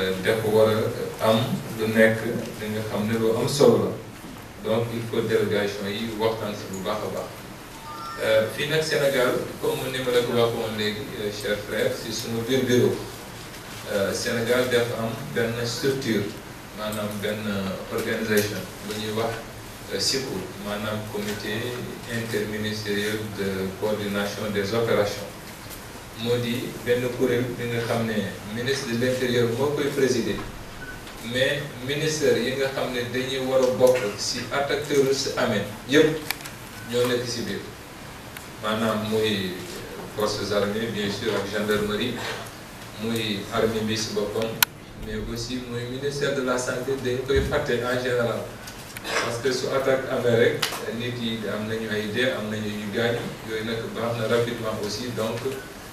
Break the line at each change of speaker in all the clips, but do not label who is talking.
Euh, de war euh, am lu nek li nga xam ne am solo la donc il faut délégation yi waxtaan si bu baax a baax euh, fii nag Sénégal comme ni ma la ko waxoon léegi chef frère si suñu biir bureau Sénégal dafa am benn structure maanaam benn organisation On bu ñuy wax SICO maanaam comité interministériel de coordination des opérations modi dit que ministre de l'Intérieur intérieur mais ministre, yi nga dañuy wara ñoo euh, forces armées bien sûr gendarmerie l'armée armée mais aussi le ministre de la santé en général parce que su attaque rek nit yi am nañu ay une ñu rapidement aussi donc.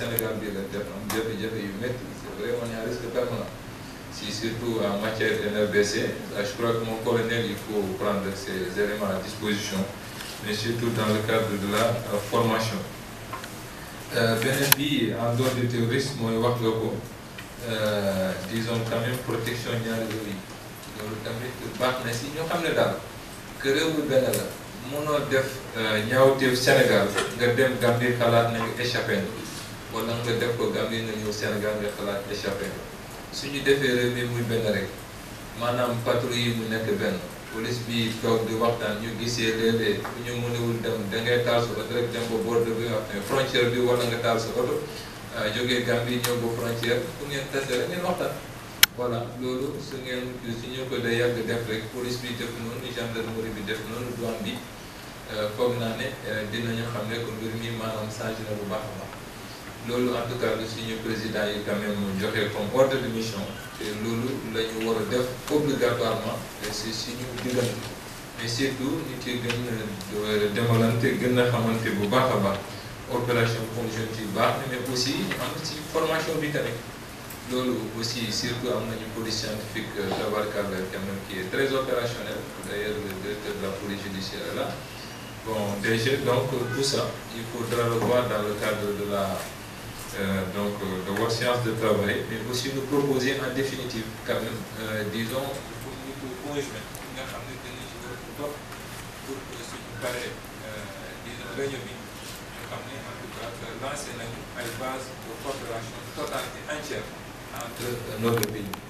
Sénégal bii la def am jafe-jafe yu métti c'est vrai on est risque permanent si surtout en matière NRBC je crois que mon colonel il faut prendre ces éléments à disposition mais surtout dans le cadre de la formation eh, beneen bi en dehors du terrorisme mooy wax nga ko eh, disons quand même protection ñaari réew yi loolu tamit baax na si ñu xam ne daal que réew mi benn la mënoo def eh, ñaawteef Sénégal nga dem Gambie xalaat nañu échappé moo tax nga def ko Gambie nga ñëw Sénégal nga xalaat échappé ko suñu mi muy benn rek maanaam patrouille mu nekk benn police bi toog di waxtaan ñu gisee léeg-léeg bu ñu mënewul dem da ngay taal sa rek dem ba bordeaux bi wax frontière bi wala nga taal sa oto ah, jógee Gambie ñëw ba frontière ku ngeen tase rek ngeen waxtaan voilà su ngeen su ñu ko day yàgg def rek police bi def noonu gendarmerie bi def noonu douane bi ah, foog naa ne eh, dinañu xam ne ko mbir mi maanaam changé na bu baax baax Lolo, en tout cas le signe président est quand même joxe comme ordre de mission et loolu la ñu war obligatoirement c'est suñu diggante mais surtout tout ciy gën a demalante gën a bu opération conjointe yi baax mais aussi une formation britannique. Lolo, aussi surtout a une police scientifique tabarkalla euh, quand même qui est très opérationnel d'ailleurs le directeur de la police judiciaire est là bon déjà donc tout ça il faudra le voir dans le cadre de la donc, de vos science de travail, mais aussi nous proposer en définitive, quand même, disons, pour nous, pour conjoint, nga xam ne dañu si war pour suñu préparer disons réunion bi nous xam ne en tout cas lancé la base de coopération totale et entière entre notre pays.